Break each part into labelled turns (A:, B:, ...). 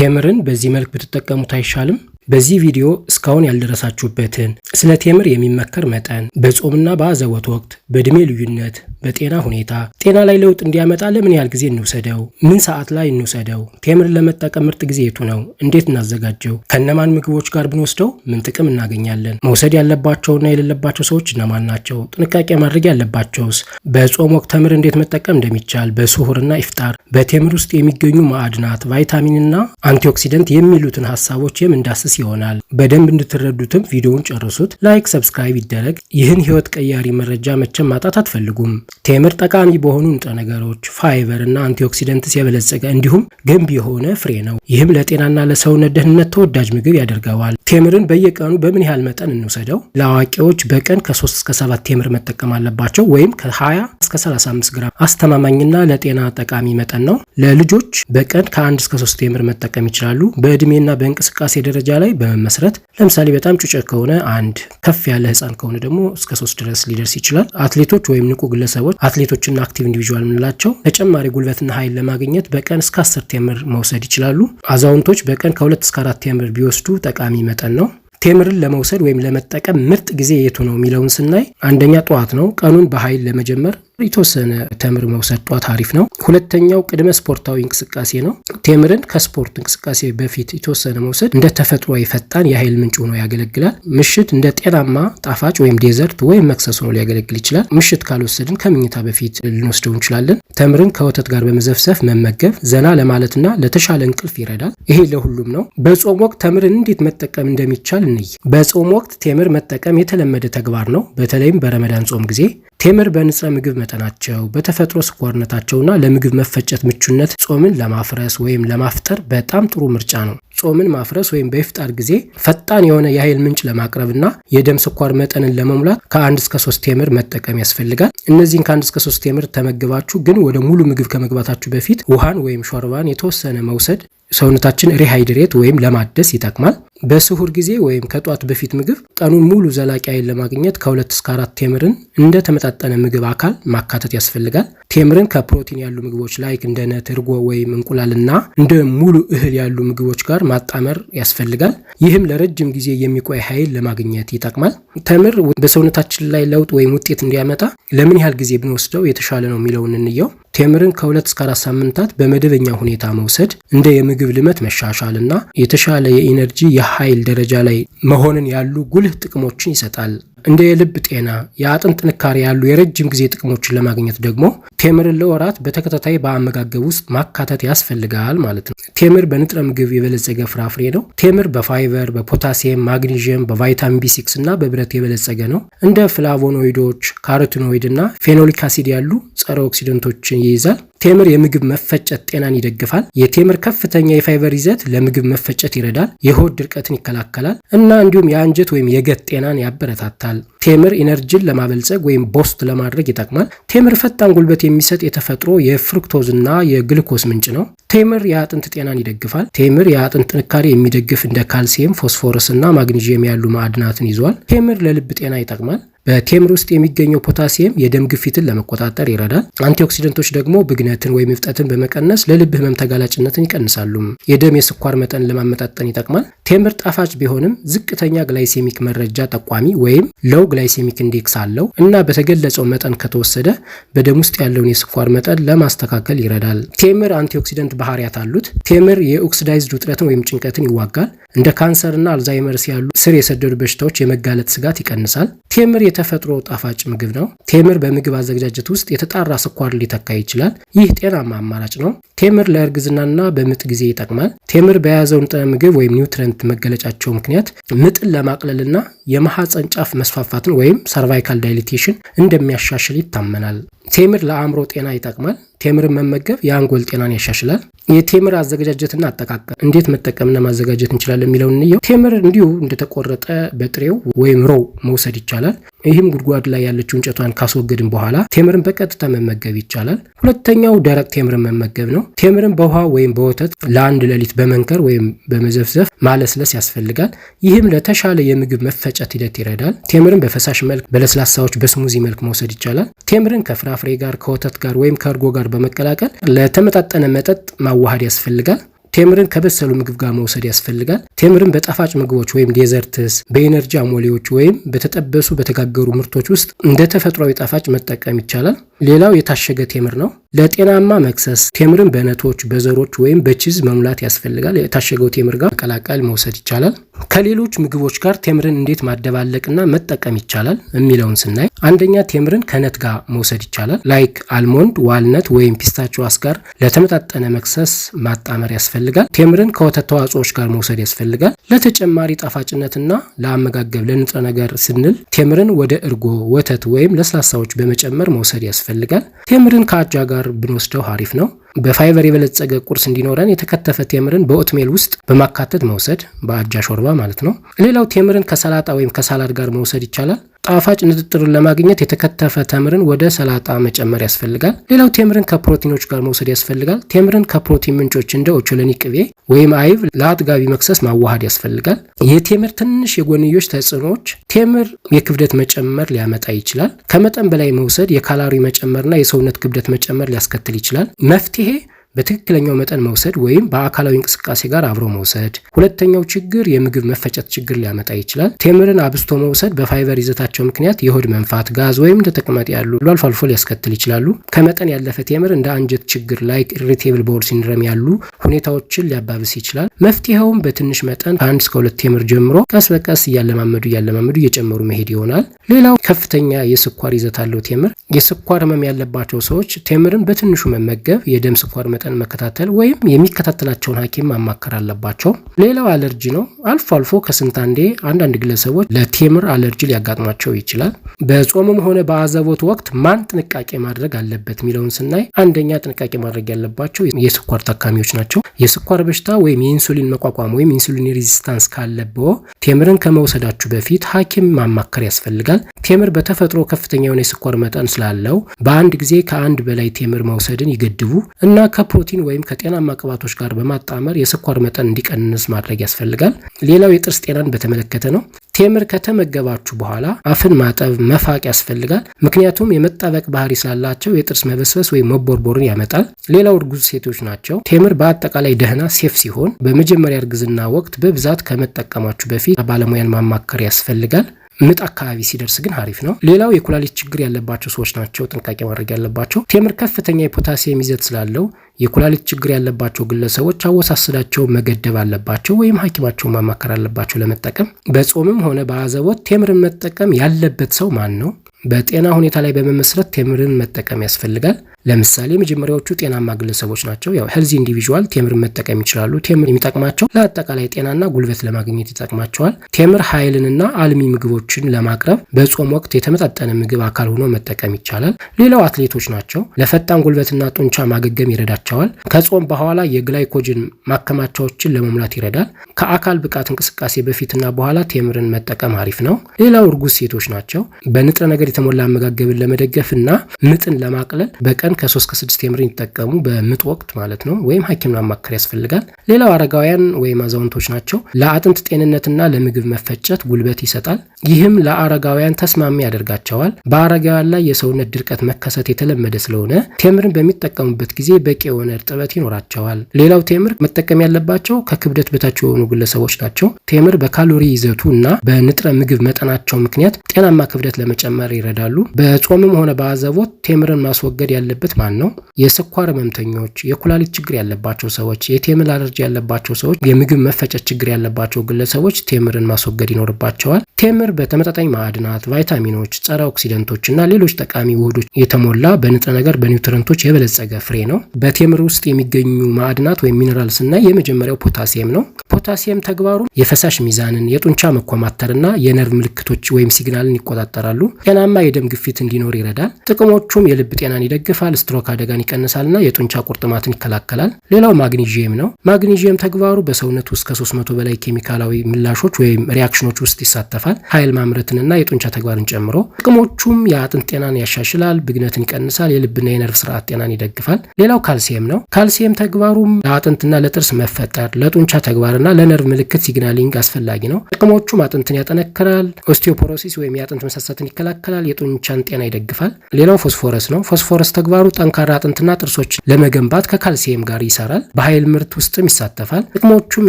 A: ቴምርን በዚህ መልክ ብትጠቀሙት አይሻልም? በዚህ ቪዲዮ እስካሁን ያልደረሳችሁበትን ስለ ቴምር የሚመከር መጠን፣ በጾምና በአዘወት ወቅት፣ በእድሜ ልዩነት፣ በጤና ሁኔታ፣ ጤና ላይ ለውጥ እንዲያመጣ ለምን ያህል ጊዜ እንውሰደው፣ ምን ሰዓት ላይ እንውሰደው፣ ቴምር ለመጠቀም ምርጥ ጊዜ የቱ ነው፣ እንዴት እናዘጋጀው፣ ከነማን ምግቦች ጋር ብንወስደው ምን ጥቅም እናገኛለን፣ መውሰድ ያለባቸውና የሌለባቸው ሰዎች እነማን ናቸው፣ ጥንቃቄ ማድረግ ያለባቸውስ፣ በጾም ወቅት ተምር እንዴት መጠቀም እንደሚቻል፣ በስሁርና ኢፍጣር፣ በቴምር ውስጥ የሚገኙ ማዕድናት፣ ቫይታሚንና አንቲኦክሲደንት የሚሉትን ሀሳቦች የምንዳስስ ይሆናል። በደንብ እንድትረዱትም ቪዲዮውን ጨርሱት። ላይክ፣ ሰብስክራይብ ይደረግ። ይህን ህይወት ቀያሪ መረጃ መቼም ማጣት አትፈልጉም። ቴምር ጠቃሚ በሆኑ ንጥረ ነገሮች፣ ፋይበር እና አንቲኦክሲደንትስ የበለጸገ እንዲሁም ገንቢ የሆነ ፍሬ ነው። ይህም ለጤናና ለሰውነት ደህንነት ተወዳጅ ምግብ ያደርገዋል። ቴምርን በየቀኑ በምን ያህል መጠን እንውሰደው? ለአዋቂዎች በቀን ከ3 እስከ 7 ቴምር መጠቀም አለባቸው ወይም ከ20 እስከ 35 ግራም አስተማማኝና ለጤና ጠቃሚ መጠን ነው። ለልጆች በቀን ከ1 እስከ 3 ቴምር መጠቀም ይችላሉ። በእድሜና በእንቅስቃሴ ደረጃ ላይ ላይ በመመስረት ለምሳሌ በጣም ጩጨ ከሆነ አንድ፣ ከፍ ያለ ህፃን ከሆነ ደግሞ እስከ ሶስት ድረስ ሊደርስ ይችላል። አትሌቶች ወይም ንቁ ግለሰቦች አትሌቶችና አክቲቭ ኢንዲቪዥዋል የምንላቸው ተጨማሪ ጉልበትና ኃይል ለማግኘት በቀን እስከ አስር ቴምር መውሰድ ይችላሉ። አዛውንቶች በቀን ከሁለት እስከ አራት ቴምር ቢወስዱ ጠቃሚ መጠን ነው። ቴምርን ለመውሰድ ወይም ለመጠቀም ምርጥ ጊዜ የቱ ነው የሚለውን ስናይ አንደኛ ጠዋት ነው። ቀኑን በኃይል ለመጀመር የተወሰነ ተምር መውሰድ ጧት አሪፍ ነው። ሁለተኛው ቅድመ ስፖርታዊ እንቅስቃሴ ነው። ቴምርን ከስፖርት እንቅስቃሴ በፊት የተወሰነ መውሰድ እንደ ተፈጥሯዊ ፈጣን የኃይል ምንጭ ሆኖ ያገለግላል። ምሽት እንደ ጤናማ ጣፋጭ ወይም ዴዘርት ወይም መክሰስ ሆኖ ሊያገለግል ይችላል። ምሽት ካልወሰድን ከምኝታ በፊት ልንወስደው እንችላለን። ተምርን ከወተት ጋር በመዘፍሰፍ መመገብ ዘና ለማለትና ለተሻለ እንቅልፍ ይረዳል። ይሄ ለሁሉም ነው። በጾም ወቅት ተምርን እንዴት መጠቀም እንደሚቻል እንይ። በጾም ወቅት ቴምር መጠቀም የተለመደ ተግባር ነው። በተለይም በረመዳን ጾም ጊዜ ቴምር በንጽህ ምግብ መጠናቸው በተፈጥሮ ስኳርነታቸውና ለምግብ መፈጨት ምቹነት ጾምን ለማፍረስ ወይም ለማፍጠር በጣም ጥሩ ምርጫ ነው። ጾምን ማፍረስ ወይም በኢፍጣር ጊዜ ፈጣን የሆነ የኃይል ምንጭ ለማቅረብና የደም ስኳር መጠንን ለመሙላት ከአንድ እስከ ሶስት ቴምር መጠቀም ያስፈልጋል። እነዚህን ከአንድ እስከ ሶስት ቴምር ተመግባችሁ ግን ወደ ሙሉ ምግብ ከመግባታችሁ በፊት ውሃን ወይም ሾርባን የተወሰነ መውሰድ ሰውነታችን ሪሃይድሬት ወይም ለማደስ ይጠቅማል። በስሁር ጊዜ ወይም ከጧት በፊት ምግብ ቀኑን ሙሉ ዘላቂ ኃይል ለማግኘት ከሁለት እስከ አራት ቴምርን እንደ ተመጣጠነ ምግብ አካል ማካተት ያስፈልጋል። ቴምርን ከፕሮቲን ያሉ ምግቦች ላይክ እንደ ነት፣ እርጎ ወይም እንቁላልና እንደ ሙሉ እህል ያሉ ምግቦች ጋር ማጣመር ያስፈልጋል። ይህም ለረጅም ጊዜ የሚቆይ ኃይል ለማግኘት ይጠቅማል። ተምር በሰውነታችን ላይ ለውጥ ወይም ውጤት እንዲያመጣ ለምን ያህል ጊዜ ብንወስደው የተሻለ ነው የሚለውን እንየው። ቴምርን ከሁለት እስከ አራት ሳምንታት በመደበኛ ሁኔታ መውሰድ እንደ የምግብ ልመት መሻሻልና የተሻለ የኢነርጂ የኃይል ደረጃ ላይ መሆንን ያሉ ጉልህ ጥቅሞችን ይሰጣል። እንደ የልብ ጤና፣ የአጥንት ጥንካሬ ያሉ የረጅም ጊዜ ጥቅሞችን ለማግኘት ደግሞ ቴምር ለወራት በተከታታይ በአመጋገብ ውስጥ ማካተት ያስፈልጋል ማለት ነው። ቴምር በንጥረ ምግብ የበለጸገ ፍራፍሬ ነው። ቴምር በፋይበር፣ በፖታሲየም፣ ማግኒዥየም፣ በቫይታሚን ቢ6 እና በብረት የበለጸገ ነው። እንደ ፍላቮኖይዶች፣ ካሮቲኖይድ እና ፌኖሊክ አሲድ ያሉ ጸረ ኦክሲደንቶችን ይይዛል። ቴምር የምግብ መፈጨት ጤናን ይደግፋል። የቴምር ከፍተኛ የፋይበር ይዘት ለምግብ መፈጨት ይረዳል፣ የሆድ ድርቀትን ይከላከላል እና እንዲሁም የአንጀት ወይም የገት ጤናን ያበረታታል። ቴምር ኢነርጂን ለማበልጸግ ወይም ቦስት ለማድረግ ይጠቅማል። ቴምር ፈጣን ጉልበት የሚሰጥ የተፈጥሮ የፍሩክቶዝና የግልኮስ ምንጭ ነው። ቴምር የአጥንት ጤናን ይደግፋል። ቴምር የአጥንት ጥንካሬ የሚደግፍ እንደ ካልሲየም፣ ፎስፎረስና ማግኒዥየም ያሉ ማዕድናትን ይዟል። ቴምር ለልብ ጤና ይጠቅማል። በቴምር ውስጥ የሚገኘው ፖታሲየም የደም ግፊትን ለመቆጣጠር ይረዳል። አንቲኦክሲደንቶች ደግሞ ብግነትን ወይም እብጠትን በመቀነስ ለልብ ህመም ተጋላጭነትን ይቀንሳሉ። የደም የስኳር መጠን ለማመጣጠን ይጠቅማል። ቴምር ጣፋጭ ቢሆንም ዝቅተኛ ግላይሴሚክ መረጃ ጠቋሚ ወይም ሎው ግላይሴሚክ ኢንዴክስ አለው እና በተገለጸው መጠን ከተወሰደ በደም ውስጥ ያለውን የስኳር መጠን ለማስተካከል ይረዳል። ቴምር አንቲኦክሲደንት ባህሪያት አሉት። ቴምር የኦክሲዳይዝድ ውጥረትን ወይም ጭንቀትን ይዋጋል። እንደ ካንሰርና አልዛይመርስ ያሉ ስር የሰደዱ በሽታዎች የመጋለጥ ስጋት ይቀንሳል። ቴምር የተፈጥሮ ጣፋጭ ምግብ ነው። ቴምር በምግብ አዘገጃጀት ውስጥ የተጣራ ስኳር ሊተካ ይችላል። ይህ ጤናማ አማራጭ ነው። ቴምር ለእርግዝናና በምጥ ጊዜ ይጠቅማል። ቴምር በያዘው ንጥረ ምግብ ወይም ኒውትረንት መገለጫቸው ምክንያት ምጥን ለማቅለልና የመሐፀን ጫፍ መስፋፋት መነካካትን ወይም ሰርቫይካል ዳይሊቴሽን እንደሚያሻሽል ይታመናል። ቴምር ለአእምሮ ጤና ይጠቅማል። ቴምርን መመገብ የአንጎል ጤናን ያሻሽላል። የቴምር አዘገጃጀትና አጠቃቀም እንዴት መጠቀምና ማዘጋጀት እንችላለን የሚለውን እንየው። ቴምር እንዲሁ እንደተቆረጠ በጥሬው ወይም ሮው መውሰድ ይቻላል። ይህም ጉድጓድ ላይ ያለችው እንጨቷን ካስወገድን በኋላ ቴምርን በቀጥታ መመገብ ይቻላል። ሁለተኛው ደረቅ ቴምርን መመገብ ነው። ቴምርን በውሃ ወይም በወተት ለአንድ ሌሊት በመንከር ወይም በመዘፍዘፍ ማለስለስ ያስፈልጋል። ይህም ለተሻለ የምግብ መፈጨት ሂደት ይረዳል። ቴምርን በፈሳሽ መልክ፣ በለስላሳዎች፣ በስሙዚ መልክ መውሰድ ይቻላል። ቴምርን ከፍራፍሬ ጋር፣ ከወተት ጋር ወይም ከእርጎ ጋር በመቀላቀል ለተመጣጠነ መጠጥ ማዋሃድ ያስፈልጋል። ቴምርን ከበሰሉ ምግብ ጋር መውሰድ ያስፈልጋል። ቴምርን በጣፋጭ ምግቦች ወይም ዴዘርትስ፣ በኤነርጂ አሞሌዎች ወይም በተጠበሱ በተጋገሩ ምርቶች ውስጥ እንደ ተፈጥሯዊ ጣፋጭ መጠቀም ይቻላል። ሌላው የታሸገ ቴምር ነው። ለጤናማ መክሰስ ቴምርን በነቶች፣ በዘሮች ወይም በቺዝ መሙላት ያስፈልጋል። የታሸገው ቴምር ጋር መቀላቀል መውሰድ ይቻላል። ከሌሎች ምግቦች ጋር ቴምርን እንዴት ማደባለቅና መጠቀም ይቻላል የሚለውን ስናይ አንደኛ ቴምርን ከነት ጋር መውሰድ ይቻላል። ላይክ አልሞንድ፣ ዋልነት ወይም ፒስታችዋስ ጋር ለተመጣጠነ መክሰስ ማጣመር ያስፈልጋል። ቴምርን ከወተት ተዋጽኦች ጋር መውሰድ ያስፈልጋል። ለተጨማሪ ጣፋጭነትና ለአመጋገብ ለንጥረ ነገር ስንል ቴምርን ወደ እርጎ፣ ወተት ወይም ለስላሳዎች በመጨመር መውሰድ ያስፈልጋል። ቴምርን ከአጃ ጋር ብንወስደው አሪፍ ነው። በፋይበር የበለጸገ ቁርስ እንዲኖረን የተከተፈ ቴምርን በኦትሜል ውስጥ በማካተት መውሰድ፣ በአጃ ሾርባ ማለት ነው። ሌላው ቴምርን ከሰላጣ ወይም ከሳላድ ጋር መውሰድ ይቻላል። ጣፋጭ ንጥጥርን ለማግኘት የተከተፈ ተምርን ወደ ሰላጣ መጨመር ያስፈልጋል። ሌላው ቴምርን ከፕሮቲኖች ጋር መውሰድ ያስፈልጋል። ቴምርን ከፕሮቲን ምንጮች እንደ ኦቾሎኒ ቅቤ ወይም አይብ ለአጥጋቢ መክሰስ ማዋሃድ ያስፈልጋል። የቴምር ትንሽ የጎንዮሽ ተጽዕኖዎች ቴምር የክብደት መጨመር ሊያመጣ ይችላል። ከመጠን በላይ መውሰድ የካላሪ መጨመርና የሰውነት ክብደት መጨመር ሊያስከትል ይችላል። መፍትሄ በትክክለኛው መጠን መውሰድ ወይም በአካላዊ እንቅስቃሴ ጋር አብሮ መውሰድ። ሁለተኛው ችግር የምግብ መፈጨት ችግር ሊያመጣ ይችላል። ቴምርን አብስቶ መውሰድ በፋይበር ይዘታቸው ምክንያት የሆድ መንፋት፣ ጋዝ ወይም ተቅማጥ ያሉ አልፎ አልፎ ሊያስከትል ይችላሉ። ከመጠን ያለፈ ቴምር እንደ አንጀት ችግር ላይክ ኢሪቴብል ቦል ሲንድረም ያሉ ሁኔታዎችን ሊያባብስ ይችላል። መፍትሄውም በትንሽ መጠን ከአንድ እስከ ሁለት ቴምር ጀምሮ ቀስ በቀስ እያለማመዱ እያለማመዱ እየጨመሩ መሄድ ይሆናል። ሌላው ከፍተኛ የስኳር ይዘት አለው ቴምር። የስኳር ህመም ያለባቸው ሰዎች ቴምርን በትንሹ መመገብ የደም ስኳር መጠን በመጠን መከታተል ወይም የሚከታተላቸውን ሐኪም ማማከር አለባቸው። ሌላው አለርጂ ነው። አልፎ አልፎ ከስንት አንዴ አንዳንድ ግለሰቦች ለቴምር አለርጂ ሊያጋጥማቸው ይችላል። በጾምም ሆነ በአዘቦት ወቅት ማን ጥንቃቄ ማድረግ አለበት የሚለውን ስናይ አንደኛ ጥንቃቄ ማድረግ ያለባቸው የስኳር ታካሚዎች ናቸው። የስኳር በሽታ ወይም የኢንሱሊን መቋቋም ወይም ኢንሱሊን ሬዚስታንስ ካለበው ቴምርን ከመውሰዳችሁ በፊት ሐኪም ማማከር ያስፈልጋል። ቴምር በተፈጥሮ ከፍተኛ የሆነ የስኳር መጠን ስላለው በአንድ ጊዜ ከአንድ በላይ ቴምር መውሰድን ይገድቡ እና ከፕሮ ከፕሮቲን ወይም ከጤናማ ቅባቶች ጋር በማጣመር የስኳር መጠን እንዲቀንስ ማድረግ ያስፈልጋል። ሌላው የጥርስ ጤናን በተመለከተ ነው። ቴምር ከተመገባችሁ በኋላ አፍን ማጠብ፣ መፋቅ ያስፈልጋል። ምክንያቱም የመጣበቅ ባህሪ ስላላቸው የጥርስ መበስበስ ወይም መቦርቦርን ያመጣል። ሌላው እርጉዝ ሴቶች ናቸው። ቴምር በአጠቃላይ ደህና ሴፍ ሲሆን በመጀመሪያ እርግዝና ወቅት በብዛት ከመጠቀማችሁ በፊት ባለሙያን ማማከር ያስፈልጋል። ምጥ አካባቢ ሲደርስ ግን አሪፍ ነው። ሌላው የኩላሊት ችግር ያለባቸው ሰዎች ናቸው ጥንቃቄ ማድረግ ያለባቸው። ቴምር ከፍተኛ የፖታሲየም ይዘት ስላለው የኩላሊት ችግር ያለባቸው ግለሰቦች አወሳሰዳቸው መገደብ አለባቸው ወይም ሐኪማቸውን ማማከር አለባቸው ለመጠቀም። በጾምም ሆነ በአዘቦት ቴምርን መጠቀም ያለበት ሰው ማን ነው? በጤና ሁኔታ ላይ በመመስረት ቴምርን መጠቀም ያስፈልጋል። ለምሳሌ መጀመሪያዎቹ ጤናማ ግለሰቦች ናቸው። ያው ሄልዚ ኢንዲቪዥዋል ቴምርን መጠቀም ይችላሉ። ቴምር የሚጠቅማቸው ለአጠቃላይ ጤናና ጉልበት ለማግኘት ይጠቅማቸዋል። ቴምር ኃይልንና አልሚ ምግቦችን ለማቅረብ በጾም ወቅት የተመጣጠነ ምግብ አካል ሆኖ መጠቀም ይቻላል። ሌላው አትሌቶች ናቸው። ለፈጣን ጉልበትና ጡንቻ ማገገም ይረዳቸዋል። ከጾም በኋላ የግላይኮጅን ማከማቻዎችን ለመሙላት ይረዳል። ከአካል ብቃት እንቅስቃሴ በፊትና በኋላ ቴምርን መጠቀም አሪፍ ነው። ሌላው እርጉዝ ሴቶች ናቸው። በንጥረ ነገር የተሞላ አመጋገብን ለመደገፍ እና ምጥን ለማቅለል በቀን ከ3 ከ6 ቴምር ይጠቀሙ፣ በምጥ ወቅት ማለት ነው። ወይም ሐኪምን ማማከር ያስፈልጋል። ሌላው አረጋውያን ወይም አዛውንቶች ናቸው። ለአጥንት ጤንነትና ለምግብ መፈጨት ጉልበት ይሰጣል። ይህም ለአረጋውያን ተስማሚ ያደርጋቸዋል። በአረጋውያን ላይ የሰውነት ድርቀት መከሰት የተለመደ ስለሆነ ቴምርን በሚጠቀሙበት ጊዜ በቂ የሆነ እርጥበት ይኖራቸዋል። ሌላው ቴምር መጠቀም ያለባቸው ከክብደት በታች የሆኑ ግለሰቦች ናቸው። ቴምር በካሎሪ ይዘቱ እና በንጥረ ምግብ መጠናቸው ምክንያት ጤናማ ክብደት ለመጨመር ይረዳሉ? በጾምም ሆነ በአዘቦት ቴምርን ማስወገድ ያለበት ማን ነው? የስኳር ህመምተኞች፣ የኩላሊት ችግር ያለባቸው ሰዎች፣ የቴምር አለርጂ ያለባቸው ሰዎች፣ የምግብ መፈጨት ችግር ያለባቸው ግለሰቦች ቴምርን ማስወገድ ይኖርባቸዋል። ቴምር በተመጣጣኝ ማዕድናት፣ ቫይታሚኖች፣ ጸረ ኦክሲደንቶች እና ሌሎች ጠቃሚ ውህዶች የተሞላ በንጥረ ነገር በኒውትረንቶች የበለጸገ ፍሬ ነው። በቴምር ውስጥ የሚገኙ ማዕድናት ወይም ሚኔራል ስናይ የመጀመሪያው ፖታሲየም ነው። ፖታሲየም ተግባሩ የፈሳሽ ሚዛንን፣ የጡንቻ መኮማተርና የነርቭ ምልክቶች ወይም ሲግናልን ይቆጣጠራሉ። ጤናማ ጤናማ የደም ግፊት እንዲኖር ይረዳል። ጥቅሞቹም የልብ ጤናን ይደግፋል፣ ስትሮክ አደጋን ይቀንሳልና የጡንቻ ቁርጥማትን ይከላከላል። ሌላው ማግኒዥየም ነው። ማግኒዥየም ተግባሩ በሰውነት ውስጥ ከሶስት መቶ በላይ ኬሚካላዊ ምላሾች ወይም ሪያክሽኖች ውስጥ ይሳተፋል፣ ኃይል ማምረትንና የጡንቻ ተግባርን ጨምሮ። ጥቅሞቹም የአጥንት ጤናን ያሻሽላል፣ ብግነትን ይቀንሳል፣ የልብና የነርቭ ስርዓት ጤናን ይደግፋል። ሌላው ካልሲየም ነው። ካልሲየም ተግባሩም ለአጥንትና ለጥርስ መፈጠር፣ ለጡንቻ ተግባርና ለነርቭ ምልክት ሲግናሊንግ አስፈላጊ ነው። ጥቅሞቹም አጥንትን ያጠነክራል፣ ኦስቲዮፖሮሲስ ወይም የአጥንት መሳሳትን ይከላከላል ያጠናክራል፣ የጡንቻን ጤና ይደግፋል። ሌላው ፎስፎረስ ነው። ፎስፎረስ ተግባሩ ጠንካራ አጥንትና ጥርሶች ለመገንባት ከካልሲየም ጋር ይሰራል። በኃይል ምርት ውስጥም ይሳተፋል። ጥቅሞቹም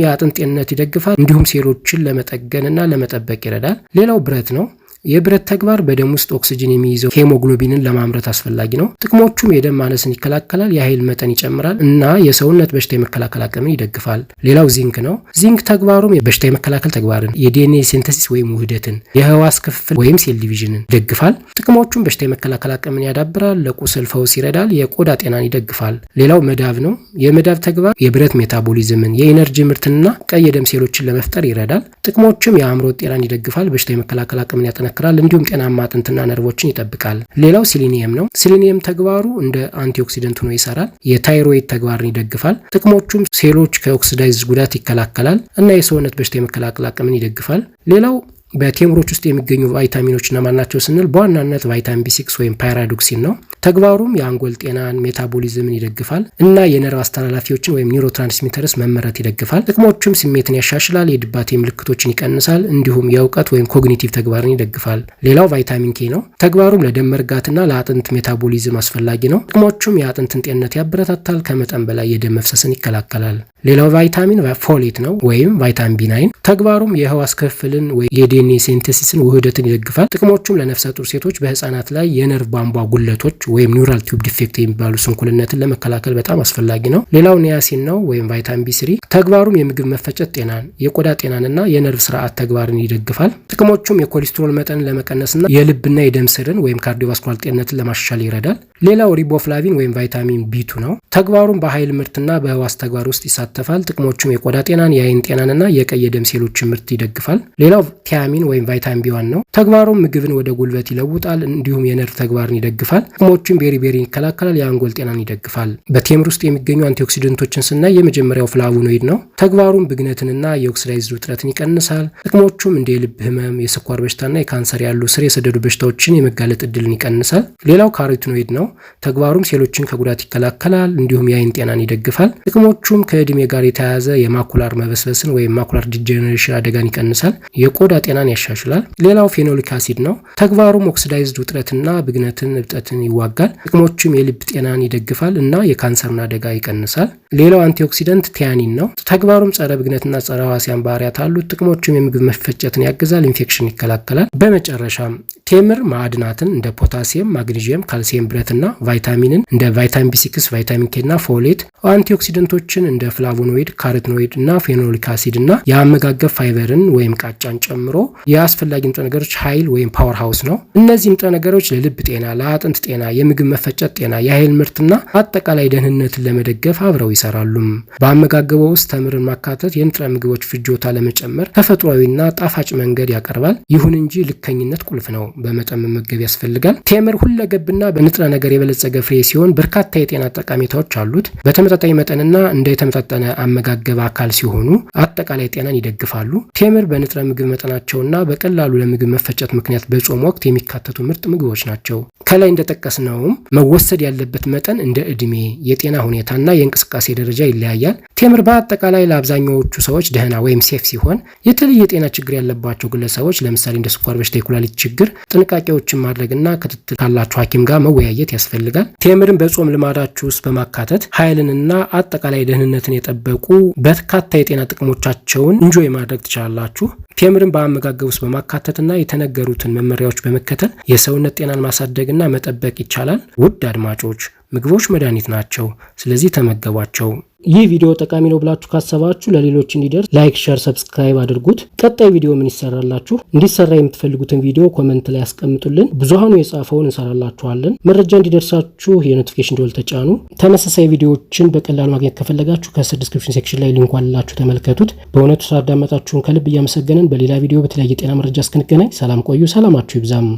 A: የአጥንት ጤንነት ይደግፋል፣ እንዲሁም ሴሎችን ለመጠገንና ለመጠበቅ ይረዳል። ሌላው ብረት ነው። የብረት ተግባር በደም ውስጥ ኦክስጅን የሚይዘው ሄሞግሎቢንን ለማምረት አስፈላጊ ነው። ጥቅሞቹም የደም ማነስን ይከላከላል፣ የኃይል መጠን ይጨምራል እና የሰውነት በሽታ የመከላከል አቅምን ይደግፋል። ሌላው ዚንክ ነው። ዚንክ ተግባሩም በሽታ የመከላከል ተግባርን፣ የዲኤንኤ ሲንተሲስ ወይም ውህደትን፣ የህዋስ ክፍፍል ወይም ሴል ዲቪዥንን ይደግፋል። ጥቅሞቹም በሽታ የመከላከል አቅምን ያዳብራል፣ ለቁስል ፈውስ ይረዳል፣ የቆዳ ጤናን ይደግፋል። ሌላው መዳብ ነው። የመዳብ ተግባር የብረት ሜታቦሊዝምን፣ የኢነርጂ ምርትንና ቀይ የደም ሴሎችን ለመፍጠር ይረዳል። ጥቅሞቹም የአእምሮ ጤናን ይደግፋል፣ በሽታ የመከላከል አቅምን ያጠናል ያጠነክራል፣ እንዲሁም ጤናማ አጥንትና ነርቮችን ይጠብቃል። ሌላው ሲሊኒየም ነው። ሲሊኒየም ተግባሩ እንደ አንቲኦክሲደንት ሆኖ ይሰራል። የታይሮይድ ተግባርን ይደግፋል። ጥቅሞቹም ሴሎች ከኦክሲዳይዝ ጉዳት ይከላከላል እና የሰውነት በሽታ የመከላከል አቅምን ይደግፋል። ሌላው በቴምሮች ውስጥ የሚገኙ ቫይታሚኖች እነማን ናቸው ስንል በዋናነት ቫይታሚን ቢሲክስ ወይም ፓይራዶክሲን ነው። ተግባሩም የአንጎል ጤናን፣ ሜታቦሊዝምን ይደግፋል እና የነርቭ አስተላላፊዎችን ወይም ኒውሮትራንስሚተርስ መመረት ይደግፋል። ጥቅሞቹም ስሜትን ያሻሽላል፣ የድባቴ ምልክቶችን ይቀንሳል፣ እንዲሁም የእውቀት ወይም ኮግኒቲቭ ተግባርን ይደግፋል። ሌላው ቫይታሚን ኬ ነው። ተግባሩም ለደም መርጋትና ለአጥንት ሜታቦሊዝም አስፈላጊ ነው። ጥቅሞቹም የአጥንትን ጤንነት ያበረታታል፣ ከመጠን በላይ የደም መፍሰስን ይከላከላል። ሌላው ቫይታሚን ፎሊት ነው ወይም ቫይታሚን ቢናይን ተግባሩም የህዋስ ክፍልን የዲኤንኤ ሴንተሲስን ውህደትን ይደግፋል። ጥቅሞቹም ለነፍሰ ጡር ሴቶች፣ በህጻናት ላይ የነርቭ ቧንቧ ጉለቶች ወይም ኒውራል ቲዩብ ዲፌክት የሚባሉ ስንኩልነትን ለመከላከል በጣም አስፈላጊ ነው። ሌላው ኒያሲን ነው ወይም ቫይታሚን ቢ ስሪ። ተግባሩም የምግብ መፈጨት ጤናን፣ የቆዳ ጤናንና የነርቭ ስርዓት ተግባርን ይደግፋል። ጥቅሞቹም የኮሌስትሮል መጠንን ለመቀነስና የልብና የደም ስርን ወይም ካርዲዮቫስኩላር ጤንነትን ለማሻሻል ይረዳል። ሌላው ሪቦፍላቪን ወይም ቫይታሚን ቢቱ ነው። ተግባሩም በኃይል ምርትና በህዋስ ተግባር ውስጥ ይሳ ይሳተፋል። ጥቅሞቹም የቆዳ ጤናን፣ የአይን ጤናንና የቀይ የደም ሴሎችን ምርት ይደግፋል። ሌላው ቲያሚን ወይም ቫይታሚን ቢዋን ነው። ተግባሩም ምግብን ወደ ጉልበት ይለውጣል፣ እንዲሁም የነርቭ ተግባርን ይደግፋል። ጥቅሞቹም ቤሪቤሪን ይከላከላል፣ የአንጎል ጤናን ይደግፋል። በቴምር ውስጥ የሚገኙ አንቲኦክሲደንቶችን ስናይ የመጀመሪያው ፍላቮኖይድ ነው። ተግባሩም ብግነትንና የኦክሲዳይዝድ ውጥረትን ይቀንሳል። ጥቅሞቹም እንደ የልብ ህመም፣ የስኳር በሽታና የካንሰር ያሉ ስር የሰደዱ በሽታዎችን የመጋለጥ እድልን ይቀንሳል። ሌላው ካሮቲኖይድ ነው። ተግባሩም ሴሎችን ከጉዳት ይከላከላል፣ እንዲሁም የአይን ጤናን ይደግፋል። ጥቅሞቹም ከእድሜ ከዕድሜ ጋር የተያያዘ የማኩላር መበስበስን ወይም ማኩላር ዲጀኔሬሽን አደጋን ይቀንሳል። የቆዳ ጤናን ያሻሽላል። ሌላው ፌኖሊክ አሲድ ነው። ተግባሩም ኦክሲዳይዝድ ውጥረትና ብግነትን፣ እብጠትን ይዋጋል። ጥቅሞቹም የልብ ጤናን ይደግፋል እና የካንሰርን አደጋ ይቀንሳል። ሌላው አንቲኦክሲደንት ቲያኒን ነው። ተግባሩም ጸረ ብግነትና ጸረ ዋሲያን ባህሪያት አሉት። ጥቅሞቹም የምግብ መፈጨትን ያግዛል፣ ኢንፌክሽን ይከላከላል። በመጨረሻም ቴምር ማዕድናትን እንደ ፖታሲየም፣ ማግኒዥየም፣ ካልሲየም፣ ብረትና ቫይታሚንን እንደ ቫይታሚን ቢ6፣ ቫይታሚን ኬ እና ፎሌት አንቲኦክሲደንቶችን እንደ ፍላ ፍላቮኖይድ፣ ካሮቲኖይድ እና ፌኖሊክ አሲድ እና የአመጋገብ ፋይበርን ወይም ቃጫን ጨምሮ የአስፈላጊ ንጥረ ነገሮች ኃይል ወይም ፓወር ሃውስ ነው። እነዚህ ንጥረ ነገሮች ለልብ ጤና፣ ለአጥንት ጤና፣ የምግብ መፈጨት ጤና፣ የኃይል ምርትና አጠቃላይ ደህንነትን ለመደገፍ አብረው ይሰራሉም። በአመጋገበ ውስጥ ተምርን ማካተት የንጥረ ምግቦች ፍጆታ ለመጨመር ተፈጥሯዊና ጣፋጭ መንገድ ያቀርባል። ይሁን እንጂ ልከኝነት ቁልፍ ነው። በመጠን መመገብ ያስፈልጋል። ቴምር ሁለገብና በንጥረ ነገር የበለጸገ ፍሬ ሲሆን በርካታ የጤና ጠቀሜታዎች አሉት። በተመጣጣኝ መጠንና እንደ የተመጣጠ የተመጣጠነ አመጋገብ አካል ሲሆኑ አጠቃላይ ጤናን ይደግፋሉ። ቴምር በንጥረ ምግብ መጠናቸውና በቀላሉ ለምግብ መፈጨት ምክንያት በጾም ወቅት የሚካተቱ ምርጥ ምግቦች ናቸው። ከላይ እንደጠቀስነውም መወሰድ ያለበት መጠን እንደ እድሜ የጤና ሁኔታና የእንቅስቃሴ ደረጃ ይለያያል። ቴምር በአጠቃላይ ለአብዛኛዎቹ ሰዎች ደህና ወይም ሴፍ ሲሆን የተለየ የጤና ችግር ያለባቸው ግለሰቦች ለምሳሌ እንደ ስኳር በሽታ፣ የኩላሊት ችግር ጥንቃቄዎችን ማድረግና ክትትል ካላቸው ሐኪም ጋር መወያየት ያስፈልጋል። ቴምርን በጾም ልማዳችሁ ውስጥ በማካተት ኃይልንና አጠቃላይ ደህንነትን እየጠበቁ በርካታ የጤና ጥቅሞቻቸውን እንጆይ ማድረግ ትችላላችሁ። ቴምርን በአመጋገብ ውስጥ በማካተትና የተነገሩትን መመሪያዎች በመከተል የሰውነት ጤናን ማሳደግና መጠበቅ ይቻላል። ውድ አድማጮች ምግቦች መድኃኒት ናቸው፣ ስለዚህ ተመገቧቸው። ይህ ቪዲዮ ጠቃሚ ነው ብላችሁ ካሰባችሁ ለሌሎች እንዲደርስ ላይክ፣ ሸር፣ ሰብስክራይብ አድርጉት። ቀጣይ ቪዲዮ ምን ይሰራላችሁ እንዲሰራ የምትፈልጉትን ቪዲዮ ኮመንት ላይ ያስቀምጡልን። ብዙሀኑ የጻፈውን እንሰራላችኋለን። መረጃ እንዲደርሳችሁ የኖቲፊኬሽን ደወል ተጫኑ። ተመሳሳይ ቪዲዮዎችን በቀላሉ ማግኘት ከፈለጋችሁ ከስር ዲስክሪፕሽን ሴክሽን ላይ ሊንኩ አላችሁ፣ ተመልከቱት። በእውነቱ ሳዳመጣችሁን ከልብ እያመሰገንን በሌላ ቪዲዮ በተለያየ ጤና መረጃ እስክንገናኝ ሰላም ቆዩ። ሰላማችሁ ይብዛም።